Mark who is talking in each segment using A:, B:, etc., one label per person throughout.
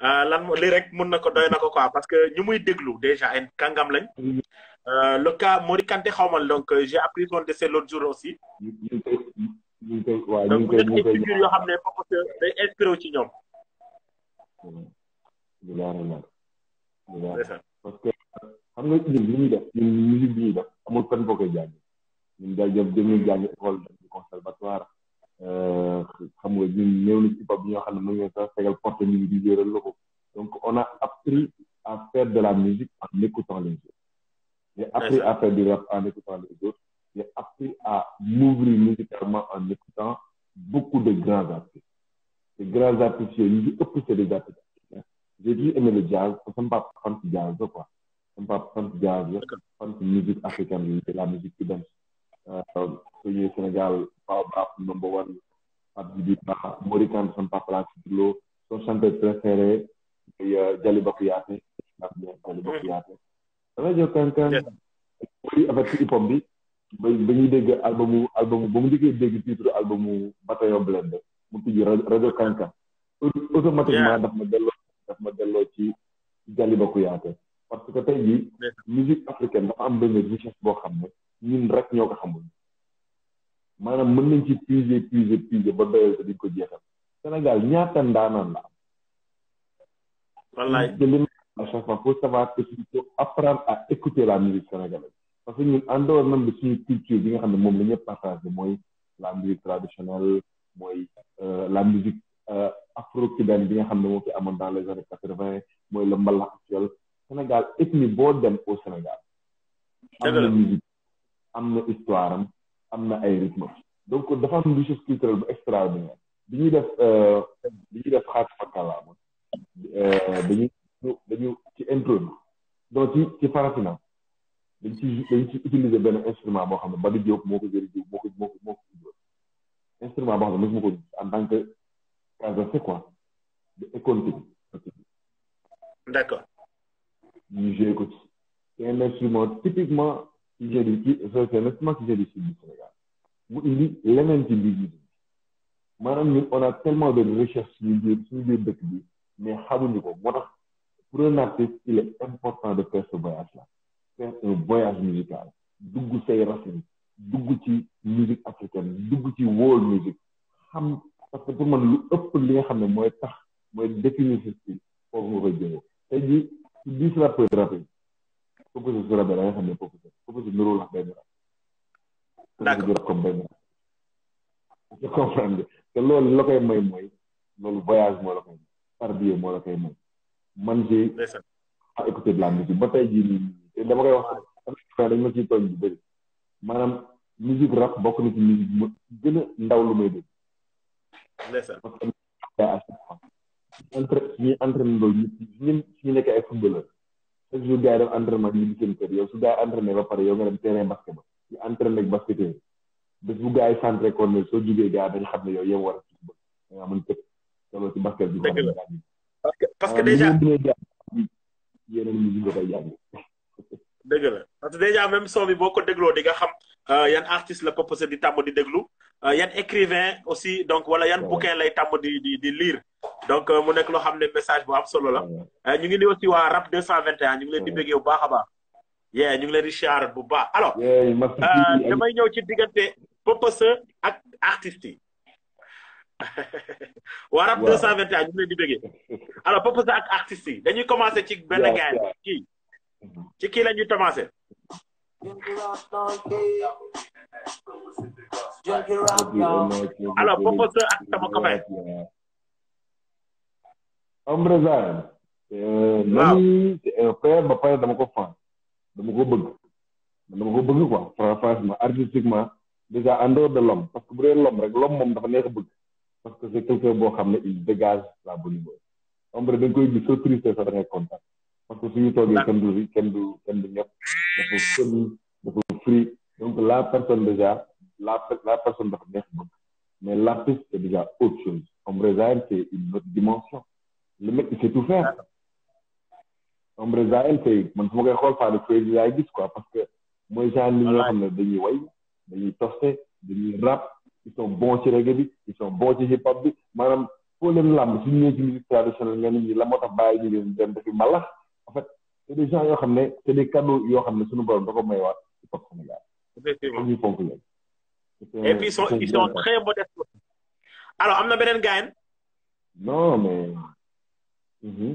A: Euh, lan li rek mun na ko doy ko quoi parce que ñu muy déglu déjà ay kàngam lañ. Euh, le cas Mori Kanté xaw ma donc euh, j'ai appris son décès l'autre jour aussi. ñu ngi koy
B: ñu ngi koy waaw ñu ngi koy donc figure yoo xam
A: ne foofu day inspiré wu ci ñoom.
B: parce que xam nga ñun li ñuy def ñun musique amul kan boo koy jàng ñun daal ñoom dañuy jàng conservatoire. donc on a appris à faire de la musique en écoutant les autres j'ai appris à faire du rap en écoutant les autres j'ai appris à m'ouvrir musicalement en écoutant beaucoup de grands artistes Des grands artistes yooyu ñu ëpp c'est des artistes j'ai dit aimer le jazz parce ne pas pas fan du jazz la quoi sama pas fan du jazz la musique africaine la musique donne suñu Sénégal Baobab number one Abdou Diouf Ba Mauritanie sama papa laa si jubloo son chanteur préféré muy Djaliba Kouyaté Djaliba Kouyaté rajo kankan muy avec ci hip hop bi ba ba ñuy dégg albumu albumu ba mu njëkkee dégg titre albumu Bataillon Blindé mu tijji rajo kankan automatiquement daf ma delloo daf ma delloo ci Djaliba Kouyaté parce que tey jii musique africaine richesse ñun rek ñoo ko xamul maanaam mën nañ ci puiser puiser puiser ba doyal te duñ ko jeexal Sénégal ñaata ndaanaan la am. wallaay te li à chaque fois faut savoir que il faut apprendre écouter la musique sénégalaise parce que ñun en dehors même suñu culture bi nga xam ne moom la ñëpp partagé mooy la musique traditionnelle mooy euh, la musique euh, afro-cubaine bi nga xam ne moo fi amoon dans les années quatre-vingt mooy le mbalax actuel Sénégal ethnie boo dem au Sénégal. am am na histoire am na ay rythme donc dafa am richesse culturelle bu extraordinaire bi ñuy def euh, bi ñuy def xaat fakalaama euh, dañu dañu ci intro bi donc ci ci farafinam dañ ci ci utiliser benn instrument boo xam ne Badou Diop moo ko jëri Diop moo ko moo ko moo ko en tant que casase quoi de éconté d'accord ñu ko ci c'est un instrument typiquement sujet bi ci véritablement sujet du ci du Sénégal mu indi leneen ci mbir yi maanaam ñun on a tellement de recherche suñu biir suñu biir dëkk bi mais xamuñu ko moo tax pour un artiste il est important de faire ce voyage là faire un voyage musical dugg say racine dugg ci musique africaine dugg ci world music xam parce que pour man lu ëpp li nga xam ne mooy tax mooy définir ce style foofu nga koy jëlee tey jii ci dix rappeurs rappeurs compositeur rappeur da nga xam ne foofu d'accord comme benn nga comprendre te loolu la koy may mooy loolu voyage moo la koy may par biais moo la koy may man ci a écouté de la musique ba tey jii nii te dama koy wax dañ ma ciy tooñ bu bëri maanaam musique rap bokk na ci musique ma gën a ndaw lu may dégg entre ñuy entraîné loolu ñun suñu nekkee ay footballeur chaque jour gars yi dem entraînement yi seen kër yow su gars yi entraîné ba pare yow nga dem terrain basket entraîné ak basketteurs bés bu gars yi centré corner soo jugee gars dañ xam ne yow yow war ci bëgg da ngaa mën solo ci basket bi la parce que parce que déjà yeneen ñu nga koy jàng
A: dëgg la parce que déjà même son bi boo ko di nga xam euh, yan artiste la proposé di tàmm di déglu euh, yan écrivain aussi donc wala yan bouquin lay tàmm di di lire donc euh, mu nekk loo xam message bu am solo la ñu ngi ni aussi waa rap 221 ñu ngi leen di béggee bu baax yee ñu ngi leen di siyaar bu baax alors euh, damay ñëw ci diggante popaseur ak artistes yi waa ak artistes dañuy commencé ci benn gaay kii ci kii la ñuy commencé ak
B: euh, dama ko fan dama ko bëgg man dama ko bëgg quoi franchement artistiquement déjà en dehors de l'homme parce que bu dee l'homme rek l'homme moom dafa neex bëgg parce que c'est quelqu'un boo xam ne il dégage la bonne humeur am da nga koy gis soo triste sax da ngay content parce que suñu toogee kenn du ri kenn du kenn du ñëpp dafa sëmi dafa free donc la personne déjà la la personne dafa neex bëgg mais l'artiste c'est déjà autre chose Ombre Zaire c'est une autre dimension le mec il sait tout faire ombrezayante sais, man ne me faire Crazy quoi parce que moi, j'ai un dañuy way dañuy rap ils sont bons sur reggae ils sont bons ci hip hop pour musique traditionnelle la en fait c'est des gens c'est des cadeaux qui ont... suñu borom
A: qui
B: et puis ils sont ils sont
A: très modestes alors na
B: non mais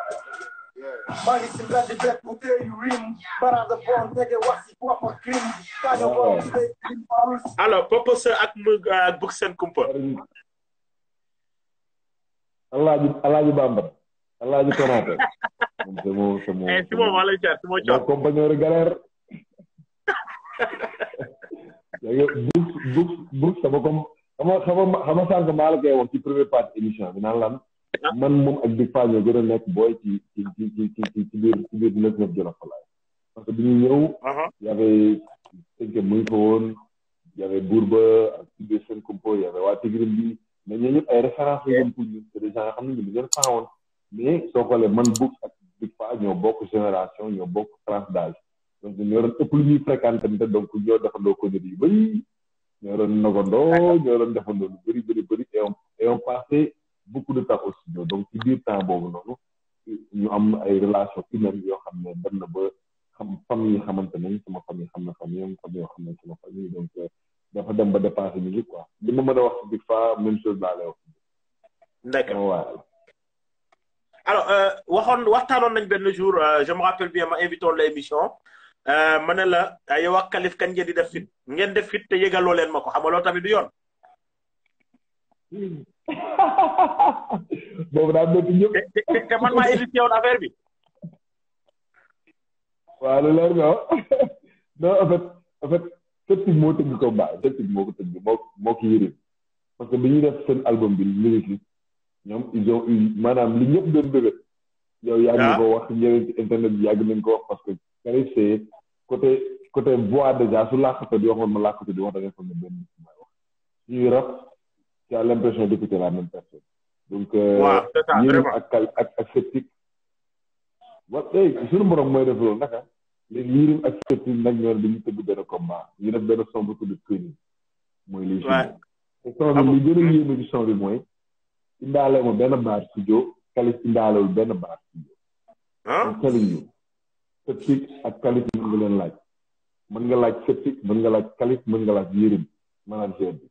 A: maa ngi si mbedd bet bu teeyu ak crim kaño bon alors Papa Sow ak mëg ak bug seen kumpa
B: alaaji alaaji bamba alaaji moom c'est mon bug bug bug sama comme xam nga xam nga sànq maa la ci première émission bi naan lan man moom ak Big Fall ñoo gën a nekk booy ci ci ci ci ci biir ci biir neuf neuf Jolof Falaay parce que bi ñu ñëw. Uh-huh. y mu ngi fa woon y avait ci biir seen compo y avait waa bi mais ñooñu ñëpp ay références la ñu pour man Bouch ak Big ñoo bokk génération ñoo bokk tranche d'âge donc ñoo doon ëpp lu ñuy fréquenté donc ñoo defandoo ko yu bëri ñoo doon passé. beaucoup de temps aussi donc ci biir temps boobu noonu ñu am ay relation des yoo xam ne des ba xam famille yi xamante sama famille xam na famille am famille sama famille donc euh, dafa dem ba quoi li ma wax Fa même chose
A: waaw. alors euh, waxoon a nañ jour euh, je me rappelle bien ma invité la émission ma ne la des def def fit te yëgaloo leen ma ko xam nga des
B: boobu daal métti ñëpp. te
A: te man maa édité woon affaire bi.
B: waaw lu leer non non fait en fait septic moo tëgg combat septic moo ko tëgg moo moo ko parce que bi ñuy def seen album bi lyrics yi ñoom ils ont eu maanaam li ñëpp doon bébét. yow yàgg nañ ah. ko wax ñeneen ci internet bi yàgg nañ ko wax parce que Karif Seye côté côté voix déjà su làkkatu di waxoon ma làkkatu di wax da ngay foog ne benn bés bu may wax. ñuy rap. tu as l'impression d'écouter la même personne. Donc, euh, wow, ça, vraiment. Ak, ak, ak, sceptique. Voilà, hey, suñu morom mooy def loolu naka ah. léegi yirim ak sceptique nag ñoo dañu tëgg benn combat ñu def benn somb tudd këni mooy les jeunes. te son bi li gën a yéeme ci son bi mooy indaale ma benn baar studio kalis indaalewul benn baar studio. ah I'm telling you sceptique ak kalis mën nga leen laaj mën nga laaj sceptique mën nga laaj kalis mën nga laaj yirim maanaam jeune bi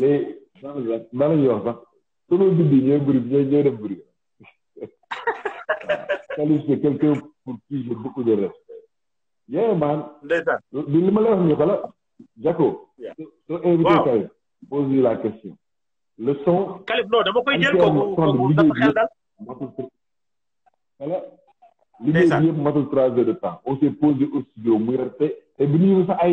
B: léegi maa ngi wax sax solo guddi ñooy bruit ñooy ñooy def bruit salut c'est quelqu'un pour qui j'ai beaucoup respect yeah man li li ma lay wax nii xoolal Jaco soo invité la question le son
A: Kalif non dama koy jël kooku kooku sama
B: bi yëpp matul trois heures de temps on bi ñu sax ay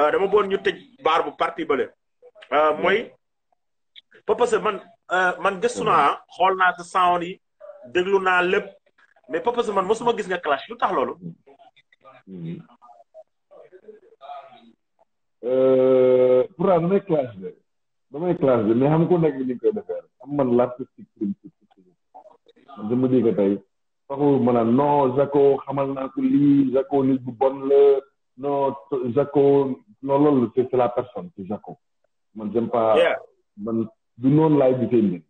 A: Euh, dama boon ñu tëj baar bu parti bële euh, mooy parce que man euh, man gëstu naa mhm. xool naa sa sound yi déglu naa lépp mais parce man mosuma gis nga clash lu tax loolu
B: mhm. pourtant damay clash de damay clash de mais xam ko nekk ni koy defee am man l'artistique man dama di ko tey faxu mën a non Jaco xamal naa ko lii Jaco nit bu bon la non Jaco non loolu c'est la personne c'est Jaco man j'aime pas man du noonu laay gisee mbir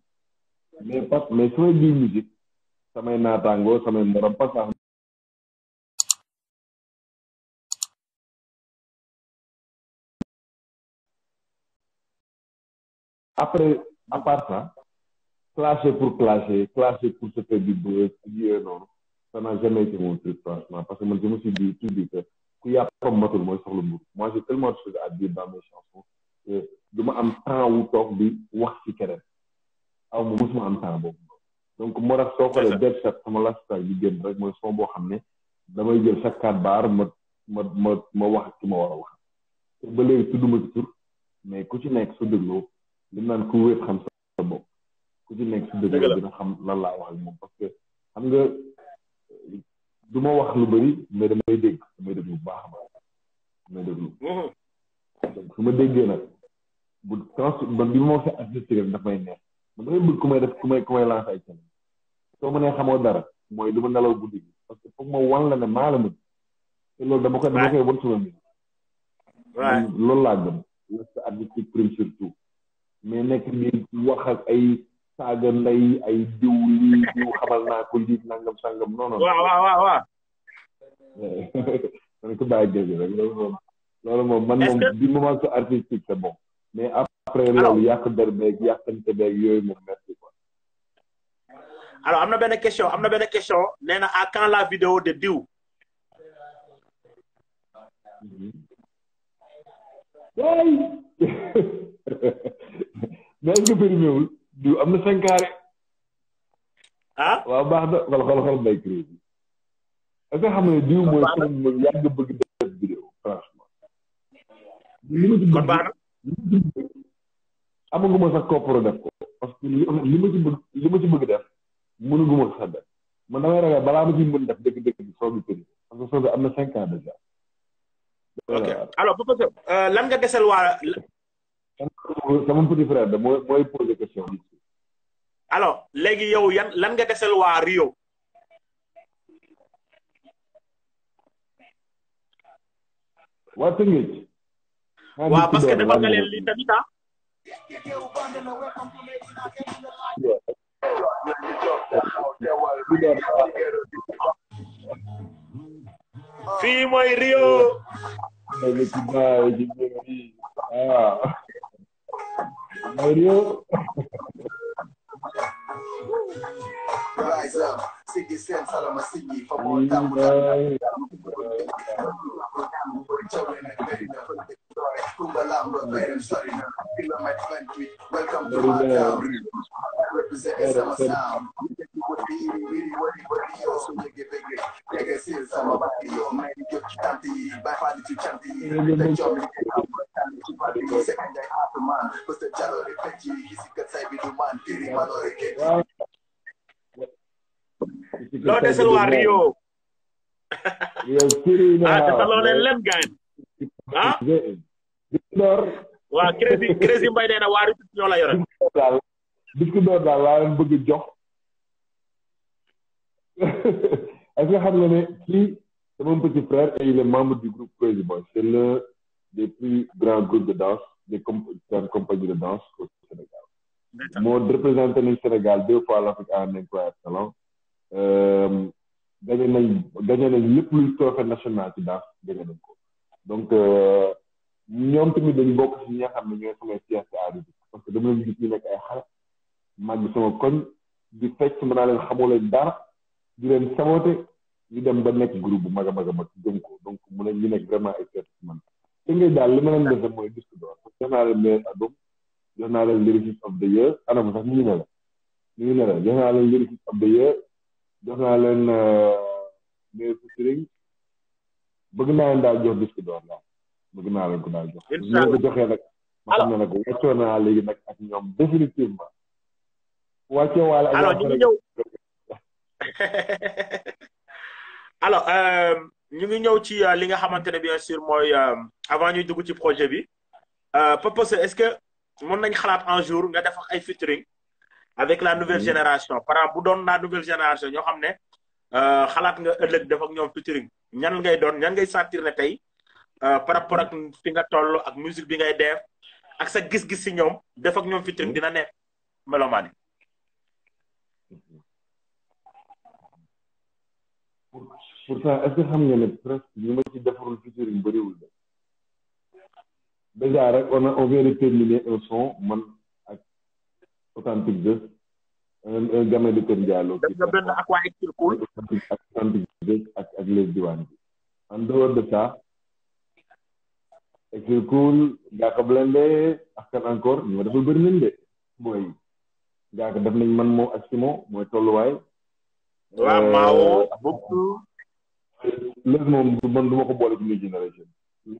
B: mais parce mais samay biir musique samay naataangoo samay morom parce que après à part ça clasher pour clasher clasher pour se faire du bruit yooyu noonu ça n'a jamais été mon truc franchement parce que man je me suis dit tout dit que ku yàppam matul mooy soxla mburu moi j'ai tellement de choses à dire du ma am temps wu toog bi wax ci keneen aw ma mosuma am temps boobu donc moo tax soo xoolee der set sama lasta yi génn rek mooy son boo xam ne damay jël chaque quatre baar ma ma ma ma wax ci ma war a wax te ba léegi tudduma ci tur mais ku ci nekk su dégloo li naan ku wéet xam sa bopp ku ci nekk su dégloo dina xam lan laa wax ak moom parce du ma wax lu bari mais damay dégg damay déglu bu baax a baax damay ma déggee nag bu trans man bi ma fi assisté rek daf may neex man damay bëgg ku may def ku may ku may lancé ay challenge soo mënee xamoo dara mooy du ma nelaw guddi gi parce que foog ma wan la ne maa la mën te loolu dama koy dama koy wan sama mbir. loolu laa gëm. wala sa artistique prime surtout mais nekk nii wax ak ay. saaga nday ay diw lii diw xamal naa ko lii nangam sangam non non. waaw waaw waaw man ko bàyyi dégg rek loolu moom. loolu moom man moom du moment que artistique c'est bon. mais après loolu yàq der beeg yàqante beeg yooyu moom merci quoi.
A: alors am na benn question am na benn question nee na à quand la vidéo de diw. Mm-hmm.
B: mais est-ce diw am na sankaare. ah waaw baax na xol xol xol mbay crédit ak nga xam ne diw mooy sama yàgg bëgg def vidéo franchement. kon baax na amaguma sax kopparo def ko parce que li ma ci bëgg li ma ci bëgg def mënuguma sax def man damay ragal balaa ma ci mën def dëgg-dëgg bi soo bi tëri parce que soo bi am na cinq ans déjà ok
A: alors professeur lan nga desal waa
B: sama petit frère da mooy mooy posé question bi
A: alors léegi yow yan lan nga dessel wa Rio.
B: wa Tëngéej. wa parce que dafa nga leen lii
A: tamit ah. fii Rio. Ah.
B: mooy Rise up, sing sense, I'm a singing for more time.
A: Welcome to Ah town. I represent kan? Hah? Iya. disque d'or. waaw Crési Crési Mbaye nee na waa République ñoo la yore.
B: disque d'or daal laa leen bëgg jox est-ce que xam nga ne kii c'est mon petit frère et il est membre du groupe Crazy Boys c'est l'un des plus grands groupes de danse des grandes compagnies de danse au Sénégal. moo représenté nañ Sénégal deux fois l'Afrique en incroyable talent. Euh, gagné nañ gagné nañ lépp luy trophée national ci danse gagné nañ ko donc. Euh, ñoom tamit dañu bokk ci ñi ne ñooy samay pièce de parce que dama leen gis ñu nekk ay xale màgg sama koñ di fecc mën naa leen xamoo leen di leen sabote ñu dem ba nekk groupe bu mag a mag a gëm ko donc mu ne ñu nekk vraiment ay pièce ci man daal li ma leen mooy disque d'or parce jox naa leen meilleur album jox naa leen lyricist ngi ne la ñu ngi ne la jox naa leen lyricist of the year jox naa leen meilleur featuring euh, bëgg naa leen daal jox disque d'or ko
A: définitivement. alors euh, ñu ngi ñëw. alors ñu ngi ci euh, bien sûr euh, avant ñuy dugg ci projet bi. Papa est-ce que mon nañ un jour nga def ay featuring avec la nouvelle génération par exemple bu doon la nouvelle génération nga featuring ñan ngay doon Euh, par rapport ak fi nga toll ak musique bi ngay def ak sa gis-gis ci ñom def ak ñom featuring dina nekk melomaani.
B: pourtant est-ce que xam nga ne presque ñu ma ci defarul featuring wul de déjà rek on a on vient de terminer un son man ak authentique de un un gamin de ken Diallo. def nga benn aqua extra cool. authentique ak authentique de ak ak les diwan bi en dehors de ça. Ekilkul gak cool, akan angkor blende ak kan gak ñu defal bëri boy de mooy mau ka def nañ buku moo ak simo mooy tolluwaay waaw maawo bëpp lëg moom ko generation il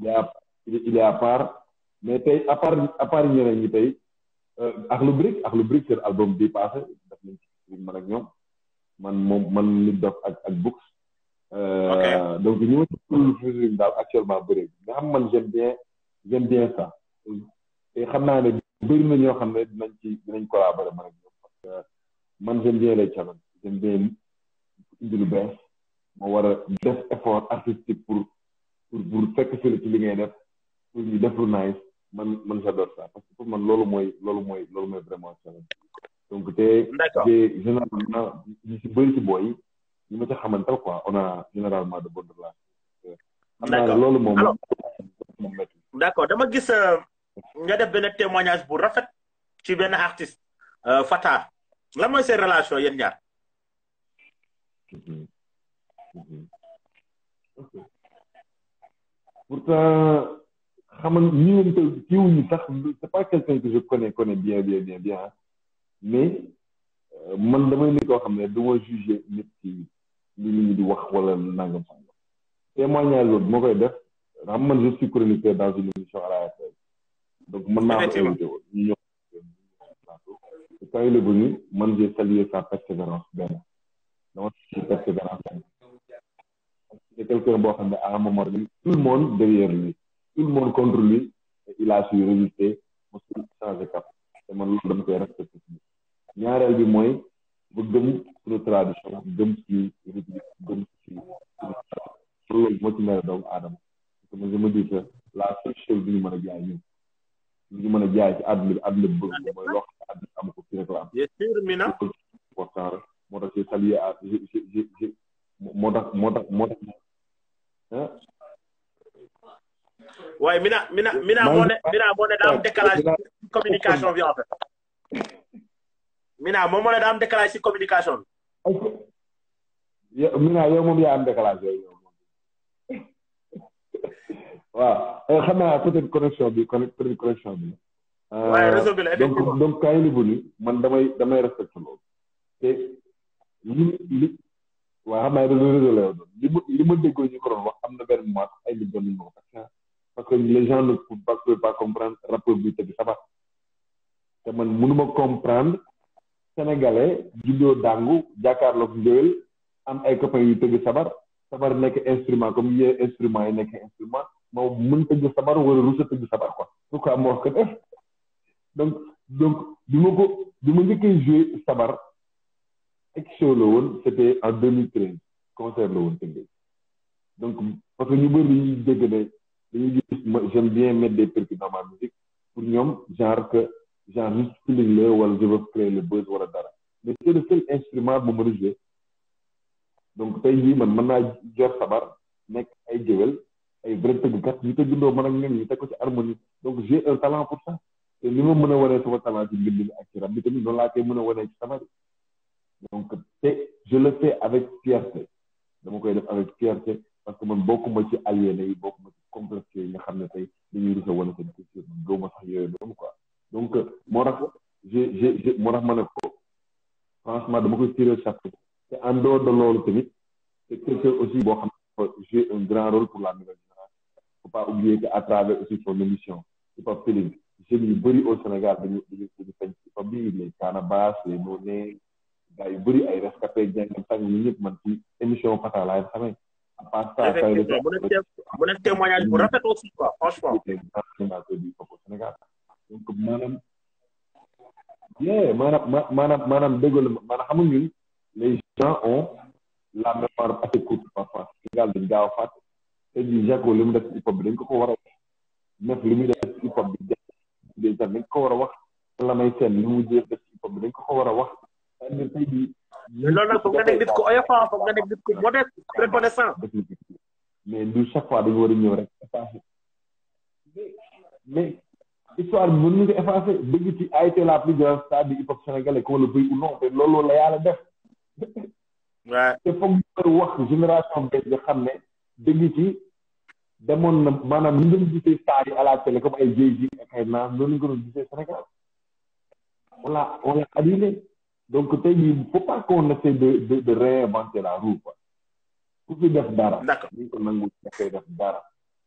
B: est à il est à part mais tey à part brick brick album di passé def nañ ci man man moom ag books Euh, donc ñu ngi daal actuellement bëri nga xam man j'aime bien j'aime bien ça te xam naa ne bëri na ñoo xam ne dinañ ci dinañ collaborer man ak ñoom parce que man j'aime bien les challenges j'aime bien indi lu bees moo war a def effort artistique pour pour pour fekk si ci li ngay def pour ñu def lu nice man man j'adore ça parce que pour man loolu mooy loolu mooy loolu mooy vraiment challenge donc te généralement ñu si bëri ci booy ñu ma ca xamantal quoi on a généralement de bonnes
A: relations. loolu moom moom dama gis euh, nga def benn témoignage bu rafet ci benn artiste euh, Fata lan mooy seen relation yéen ñaar. Mhm. Mhm.
B: pourtant xam nga ñëwante kiiwuñu sax c' pas quelqu'un que je connais connais bien bien bien bien mais euh, man damay ni xam ne du ma nit ci. li ñu di wax wala nangam sangam témoignage loolu moo koy def xam man je suis chroniqueur dans une émission mën naa ko invité woon ñu ñëw te quand il est man j'ai salué sa persévérance benn dama salué persévérance benn boo xam ne tout monde derrière lui tout monde contre lui et il a su résister mosul changer cap te man dama koy respecté ñaareel bi mooy ba gëm suñu tradition gëm ci république gëm ci moo ci mere doomu aadama parce que man je me dis que la seule chose bi ñu mën a jaay ñun li ñu mën a jaay ci àdduna bi àdduna mooy loo xam ne si saluer moo tax moo tax moo tax ah.
A: waaye Mina Mina Mina moo ne Mina moo ne daa am communication bi en Mina moom moo ne daa am décalage ci communication
B: bi. Mina yow moom yaa am décalage yooyu yow eh, xam naa peut-être connexion bi peut-être connexion bi. waaye euh, réseau bi man damay damay respecté loolu. te li li waaw ma li ma déggoo ñu wax am na ay nit doon nañu ko wax parce que les gens ne peuvent bi tëgg sabar man mënuma comprendre. sénégalais juddoo dàngu jàkkaarloog njëwel am ay copains yu tëgg sabar sabar nekk instrument comme yee instrument yi nekk instrument moom mën tëgg sabar wala rusa tëgg sabar quoi pourquoi moo ko def donc donc bi ma ko bi ma njëkkee joué sabar ek la woon c'était en 2013 concert la woon tëgg donc parce que ñu bëri dañuy dégg ne dañuy gis j'aime bien mettre des percus dans musique pour ñoom genre que genre juste feeling la wala je veux créer le buzz wala dara mais est le seul instrument bu mën a donc tey jii man mën naa jor sabar nekk ay géwél ay vrai kat ñu tëggandoo man ak ñoom ñu teg ko ci harmonie donc j'ai un talent pour ça te ni ma mën a wanee sama talent ci mbind mi ak ci rab bi tamit noonu laa koy mën a wanee ci sabar donc te je le fais avec fierté dama koy def avec fierté parce que man bokkuma ci aliéné yi bokkuma ci complexe yi nga xam ne tey dañuy rus a wane seen culture man gëwma sax yooyu noonu quoi donc euh, moo tax je moo tax ma ne ko franchement dama koy tirer chapeau te en dehors de loolu tamit c'est quelqu'un aussi boo xam ne un grand rôle pour la nouvelle génération faut pas oublier que à travers aussi son émission c'est pas feeling c'est yu bëri au Sénégal dañu dañu dañu fañ ci hip bi les Canabasse les Noné gars yu bëri ay rescapé jàngam tàng ñu ñëpp man ci émission Fata laay xamee à part ça mu
A: nekk témoignage bu mm.
B: rafet aussi quoi franchement donc manam yeah manam manam manam maanaam manam maanaam xam nga ñun les gens ont la mémoire assez courte parfois Sénégal dañ gaaw a fàtte te ji Jaco li mu def hip hop bi dañ ko ko war a wax Neff li muy def hip hop bi déjà dañ ko war a wax Lamine Sène li mu def hip hop dañ ko ko war wax c'est-à-dire mais du chaque fois dañu war mais histoire bi mën nañu ko effacer dëgg ci a été la plus grande star du hip hop sénégalais ko wala bëy ou non te loolu la def. waaw te foog wax génération bees nga xam ne dëgg ci demoon na maanaam ñu doon gisee star yi à la télé comme ay Jay-Z ak ay Nas noonu ñu ko doon gisee Sénégal voilà on l'a annulé donc tey jii il faut pas qu'on essaie de de de réinventer la roue quoi ku fi def dara. d'accord ñu ko nangu dafay def dara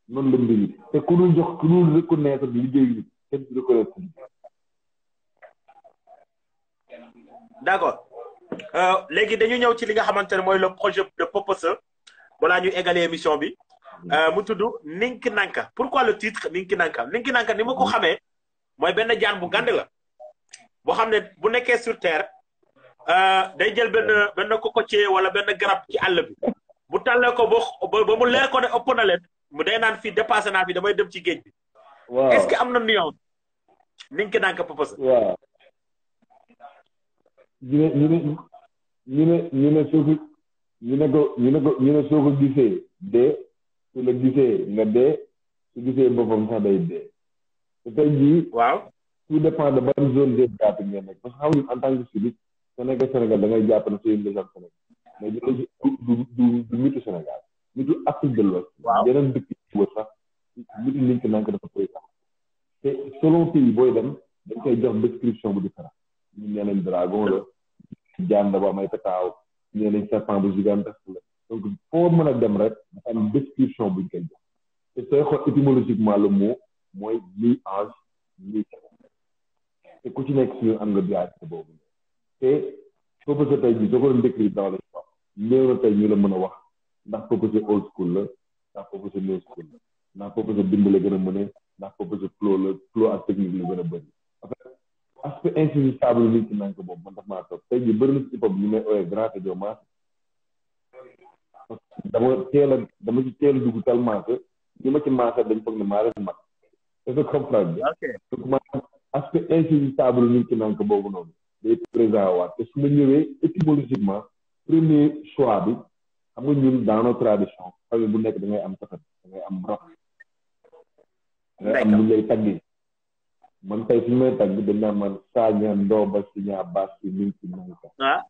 B: la mbir yi te ku dul jox ku dul reconnaître liggéey kenn du
A: d'accord euh, léegi dañu ñëw ci li nga xamante ne mooy le projet de Poposa balaa ñu égaler émission bi euh, mu tudd Ninki Nanka pourquoi le titre Ninki Nanka Ninki Nanka ni ma ko xamee mooy benn jaan bu gànd la boo xam ne bu nekkee sur terre euh, day jël benn benn cocotier wala benn garab ci àll bi bu tàllee ko ba ba mu leer ko ne ëpp na leen mu day naan fii dépassé naa bi damay dem ci géej bi waaw est-ce que am na nuance. ni nga ko daan waaw.
B: ñu ne ñu ne ñu ne soo ko ñu ne ko ñu ne ko ñu ne soo ko gisee dee su la gisee nga dee su gisee boppam sax day dee. te tey jii. waaw tout dépend de ban zone géographique nga nekk parce que xam nga en tant que civique Sénégal da ngay jàpp ne c'est une région Sénégal mais du du du de l'Ouest. waaw yeneen sax. nit ñi liñ ko naan ko dafa te selon pays booy dem dañ koy jox description bu différent ñu nee nañ dragon la jaan la bu am ay petaaw nee la donc foo mën a dem rek dafa am description buñ koy jox te sooy xool étymologiquement le mooy lii ange lii ku ci nekk am nga biyaate boobu te proposé tey jii soo ko na tey ñu la mën a wax ndax proposé old school la ndax proposé new school la ndax proposé bind la gën a mën a ndax proposé flow la flow ak technique la gën a bëri en fait aspect insaisissable nit ki nank boobu man daf maa toog tey jii bëri na a dama a dugg ma ci maasa ki nank boobu noonu day présent waat te su ma ñëwee étymologiquement premier choix bi xam nga ñun dans nos tradition famille bu nekk da am tafat da am rab am ngay tagg man tey fi may tagg dañ naa man Sagna Ndoba Signa Abbas si mi ci Manka. ah.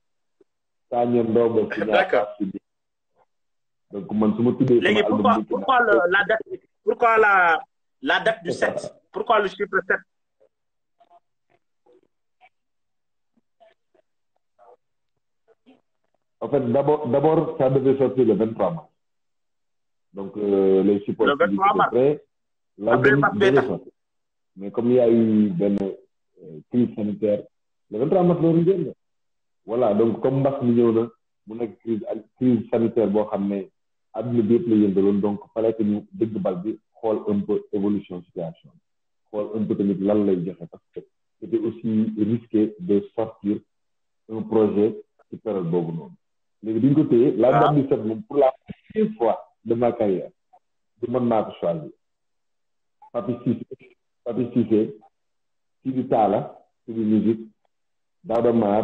B: Sagna Ndoba pourquoi
A: la date pourquoi la la date du 7 pourquoi le chiffre 7.
B: En fait, d'abord, ça devait sortir le 23 mars. Donc, euh, les le 23 mars. loolu mais comme yaa y a eu benn euh, crise sanitaire le 23 mars loolu njëriñ la voilà donc comme mbas mi ñëw na mu nekk crise ak crise sanitaire boo xam ne àdduna bi yëpp la yëngaloon donc fallait que ñu dëgg bal bi xool un peu évolution situation xool un peu tamit lan lay joxe parce que c'était aussi risqué de sortir un projet ci période boobu noonu léegi bi ko téye la ah. date du set moom pour la première fois de ma carrière du mën naa ko choisir Papis Cissé Papis Cissé Sidi Talla Sidi musique Daouda Mar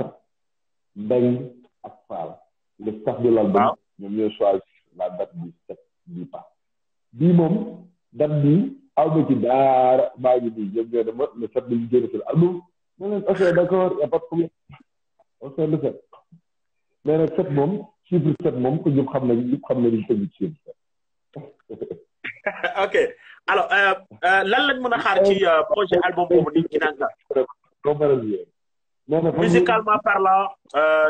B: Mbeng ak Fall le staff de l'album ñoom ñooy choisir la date du set du pas bii moom date bi awma ci daara maa ngi nii ñoom ñoo dama le set nañu génn seen album ma leen ok d'accord y a pas de problème ok le set mais nag set moom chiffre set moom ko ñëpp xam nañ ñëpp xam nañ ñu
A: alors euh, euh, lan lañ mën a xaar ci euh, projet album boobu di Kinanga musicalement parlant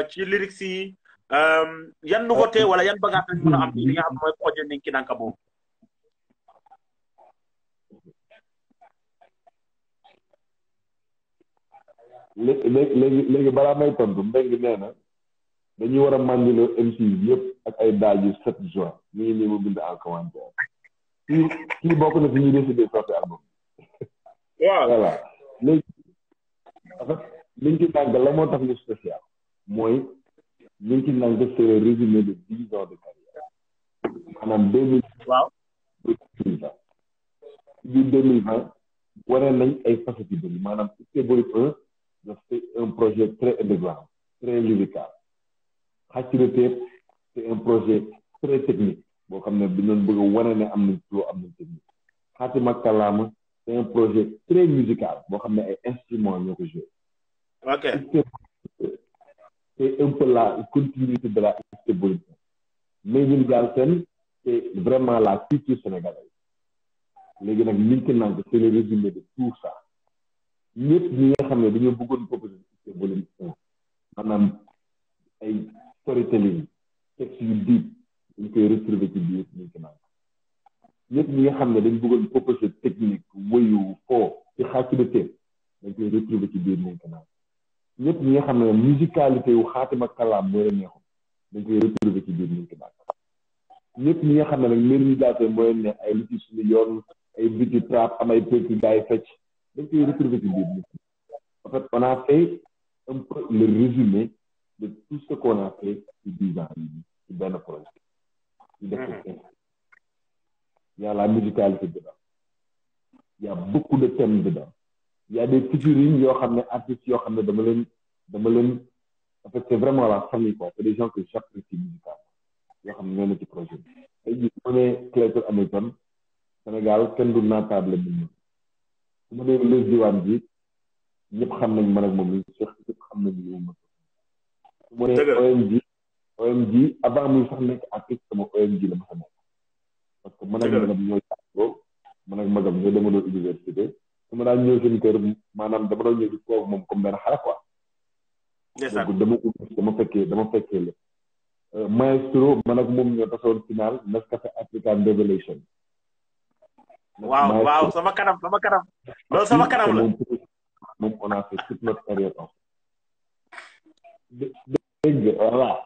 A: ci lyrics yi yan nouveauté wala yan bagage lañ mën a am li nga xam mooy projet ni Kinanga boobu
B: léegi léegi balaa may tontu mbéng nee na dañuy wara a mandiloo yëpp ak ay daal yu sept juin nii mu bind en commentaire kii kii bokk na si o décidé álbum. album. waaw voilà léegi liñ ci nànk la moo tax lu spécial mooy liñ ci nànk de dix ans de carrière maanaam deux mille. waaw deux mille é ci deux mille vingt wane nañ ay facettes yu bëri maanaam catégorie un c'est un projet très underground très lyrical Xassida c'est é un projet très technique. boo xam ne bi ñu bëgg a wane ne am nañ flow am nañ technique xaatima kalaama
A: c'est un projet
B: très musical boo xam ne ay instruments ñoo ko joué.
A: ok c'est un peu la
B: continuité de la unité boobu mais ñun daal seen c'est vraiment la culture sénégalaise léegi nag liñ ko naan c'est le résumé de tout ça ñëpp ñi nga xam ne dañoo bëggoon proposé unité volume un maanaam ay storytelling texte yu deep. ñu koy retrouver ci biir ñu ngi naan ñëpp ñi nga xam ne dañ bëggoon proposé technique wëyu foo ci xaatima téem dañ koy retrouver ci biir ñu ngi naan ñëpp ñi nga xam ne musicalité wu xaatima kalaam mooy la neexoon dañ koy retrouver ci nga xam ne nag mélodie mooy ne ay lu ci suñu yoon ay biti trap am ay pëcc gars fecc dañ koy retrouver ci biir ñu en fait on a fait un peu le résumé de tout ce qu'on a fait ci dix ans yi ci benn projet Mhm. Il y a la musicalité dedans. Il y a beaucoup de thèmes dedans. Il y a des figurines, il y a des c'est vraiment la famille quoi, c'est des gens que j'apprécie musicalement. Yo xamné projets il projet. a des Sénégal il du a des gens qui OMG avant muy sax nekk artiste sama OMG la ma sa nekk parce que man ak magam ñoo jàngoo man ak université su ma daan ñëw seen maanaam dama doon ñëw di toog moom comme benn xale quoi dama dama fekkee dama fekkee lépp euh, maestro man ak moom ñoo tasoon final Nescafé African Revelation waaw waaw sama
A: kanam sama kanam
B: loolu sama kanam la moom on a fait toute notre carrière en dégg nga voilà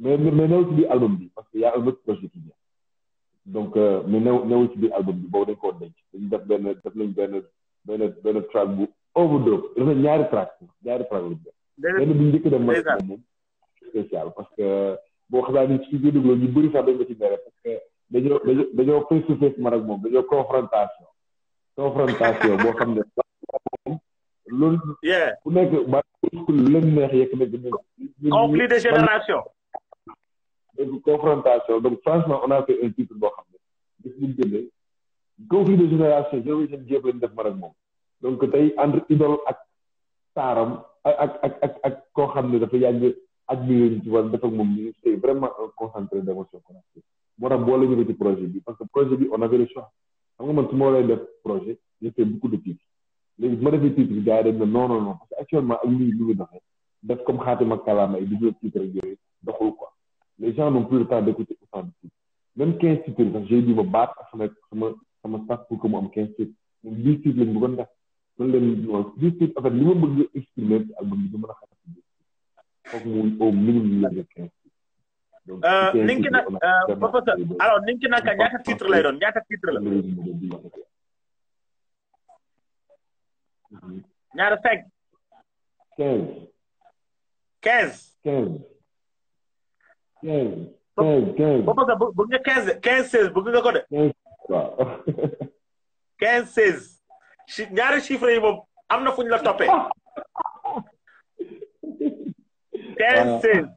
B: mais mais newul ci biir album bi parce que y' un autre donc euh, mais new newul ci biir album bi boobu dañ koo denc dañu def benn def nañ benn benn benn track bu overdose dafa ñaari track ñaari track lañ def. benn bu njëkk dem moom spécial parce que boo xasaa ni ci biir dugub ñu bëri sax dañ ko ci mere parce que dañoo dañoo dañoo face to face man ak moom dañoo confrontation confrontation boo xam ne loolu. ku nekk ba ku leen neex yekk na. conflit de génération. confrontation donc franchement on a fait un titre boo xam ne gis nga jëndee de génération yooyu def ma ak moom donc tey entre idole ak taaram ak ak ak ak koo xam ne dafa yàgg ak milieu ak moom ñu moo tax boo la ñëwee ci projet bi parce que projet bi on avait le choix xam nga man su a def projet j'ai fait beaucoup de titres def comme xaatim ak kalaama yi di jël titre doxul quoi. les gens n'ont plus le temps d'écouter autant de titres même 15 titres sax j'ai dit ma baat ak sama sama sama staff pour que mu am 15 titres moom 10 titres lañ bëggoon def loolu la ñuy wax 10 titres en fait li ma bëgg a exprimer ci album bi du mën a xaar ci 10 titres foog mu au minimum ñu laaj 15 donc euh, Ninki Naka
A: euh, professeur alors Ninki Naka ñaata titre lay doon ñaata titre la. ñaata 5. 15. 15. 15. 15 ba parce que bu nga 15 15 16 bëgg nga ko de. waaw. 15 16. chi ñaari chiffres yi moom am na fu ñu la toppee. 15 16.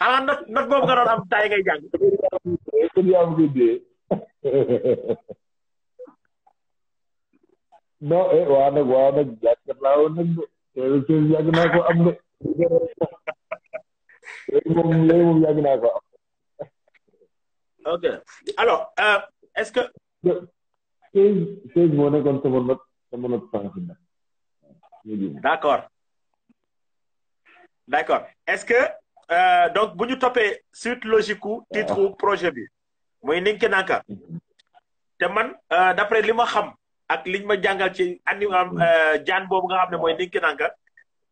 A: xanaa not not boobu nga doon am taay ngay jàng.
B: non eh waa nag waa nag jàkkaarloo nag de. 15 16 yàgg naa ko am de. léegi moom léegi ko
A: ok alors euh, est-ce que.
B: seize moo nekkoon sama note sama note
A: est-ce que euh, donc bu ñu toppee suite logique gu projet bi mooy Ninki Nanka te man euh, d'après li ma xam ak liñ ma jàngal ci animam euh, jaan boobu nga xam ne mooy Ninki Nanka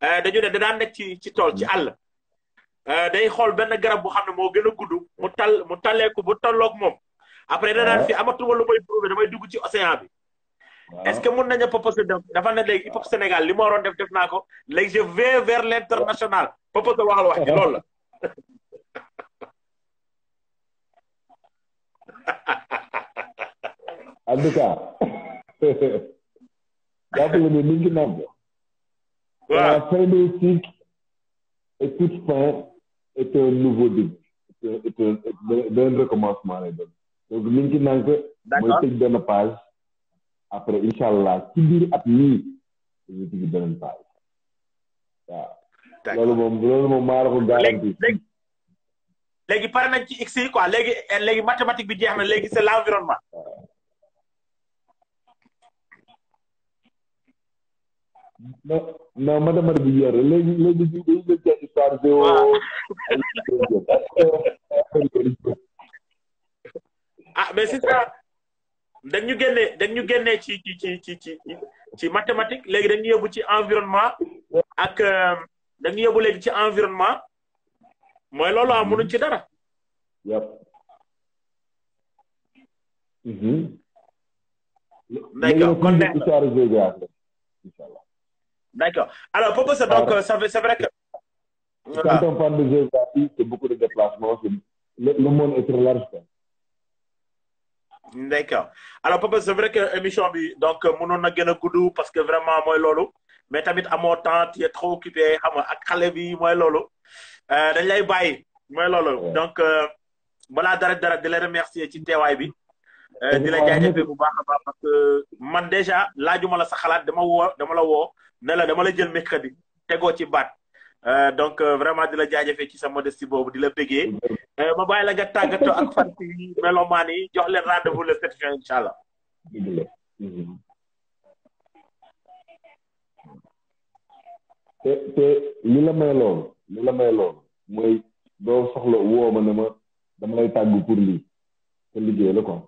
A: euh, dañu ne da daan nekk ci ci tool ci àll. Eh, day xol ben garab bo xamne mo gëna gën gudd mu tal mu talé ko bu tolok mom après da naan fi amatu wala may prouver damay dugg ci océan bi est-ce que mën nañu proposé dem dafa ne légui hip Sénégal li mo waroon def def nako légui je vais vers l'international proposé waxal wax ji lool la
B: aduka tout cas ni ngi nambo wa fin de ci et toute fin est un nouveau début est un benn recommencement lay doon donc liñ ci nànk mooy tëj benn après incha allah at mii dañuy tëj beneen page waaw loolu moom loolu moom maa la ko garanti
A: léegi pare nañ ci x yi quoi mathématique bi jeex na léegi la l'environnement
B: non non ma dama di yor
A: léegi léegi ñu ngi leen di histoire de. ah mais ñu génnee ci ci ci ci ci léegi dañ ñu yóbbu ci environnement ak euh, dañ ñu yóbbu léegi ci environnement mooy loolu ah mënuñ ci dara.
B: yàpp. Mm-hmm.
A: d'accord kon ne. D'accord. Alors, Papa c'est donc, ça c'est vrai que. Quand on parle
B: de géographie, c'est beaucoup de déplacements. Le, monde est trop large.
A: D'accord. Alors, Papa c'est vrai que l'émission, donc, mon a gagné goudou parce que vraiment, moi, lolo. Mais tamit, à mon temps, tu es trop occupé. À moi, à Kalevi, moi, lolo. Euh, dañ lay moi Lolo donc voilà euh, de dara de la remercier ci teewaay bi Eh, di la jaajëfee bu baax a baax parce que man dèjà laajuma la sa xalaat dama woo dama la woo ne la dama la jël mercredi tegoo ci baat eh, donc euh, vraiment di la jaajëfee ci sama des modestie boobu di la bégee eh, ma bàyyi la nga tàggatoo ak fanti yi melomaan yi jox leen rendez-vous le sept
B: te te li la may lool li la may lool mooy doo soxla woo ma ne ma dama lay tàggu pour lii te liggéey la quoi.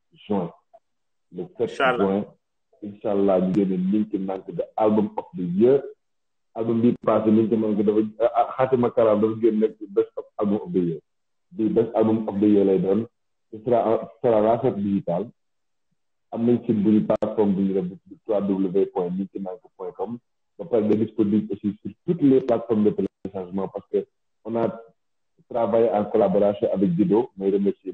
B: juin le 7 juin incha allah ñu génne Ninki Nanka de album of the year album bi passé Ninki Nanka dafa ah, xaatima kalaam dafa génn nekk best of album of the year bi best album of the year lay doon ce sera sera digital am nañ ñu plateforme bu ñu def bu www point Ninki ba pare de disponible sur toutes les plateformes de téléchargement parce que on a travaillé en collaboration avec Dido may remercier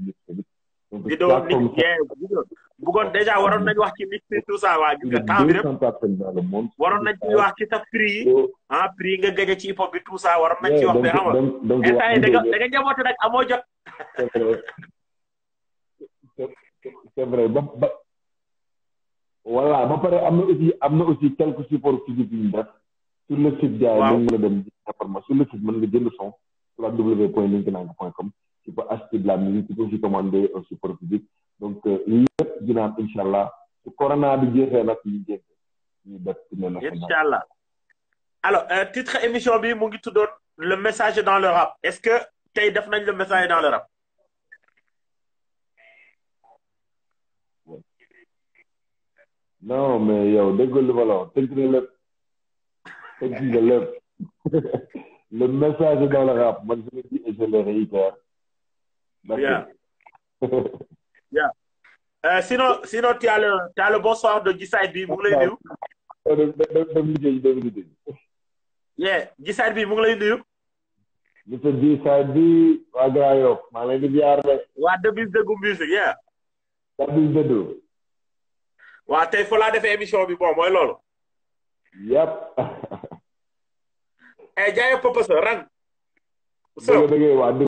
A: bi doon bëggoon déjà waroon nañu wax ci mixte tout ça waa gis nga temps bi rek waroon nañ ci wax ci sa prix yi ah prix yi nga gëj ci hip hop bi tout ça waroon nañ ci wax de xam nga instant yi da nga da nga njaboote nag amoo jot
B: c'est vrai ba ba voilà ba pare am na aussi am na aussi quelques supports physiques yu ñu def sur le site gars yi mën nga dem information sur le site mën nga jënd son www point linkinang point com tu peux acheter de la musique, tu peux juste commander un support public. Donc, euh, lépp dina am incha allah su corona bi jeexee nag ñu
A: jeex ñu de tournée nationale. incha allah alors euh, titre émission bi mu ngi le message dans le rap est-ce que tu as défini le message dans le rap.
B: non mais yow déggoo lu ma la wax tënk na lépp tënk le message dans le rap Moi, je le dis et je le réitère. Merci. Bien.
A: Bien. Euh, sinon, sinon tu as le, tu as le bonsoir de Gisaïd bi mu ngi lay
B: nuyu. dem liggéey dem liggéey.
A: yeah Gisaïd bi mu ngi lay
B: nuyu. monsieur Gisaïd bi waa Grand Yoff maa ngi leen di ziar de. waa Debise
A: dëggu musique yeah.
B: Debise dëggu.
A: waa tey fa laa defee émission bi bon mooy loolu. yep. eh Ndiaye Papa
B: sa rang. so dëgg dëgg waa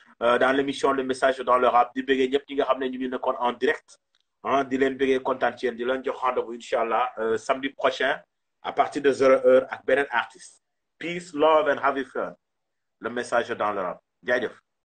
A: Euh, dans l'émission le message dans le rap di bëggee ñëpp ñi nga xamné ñu en direct hein, di leen bëggee kontaan ci di leen jox rendez-vous euh, samedi prochain à partir de 0 heure ak beneen artiste peace love and have fun le message dans le rap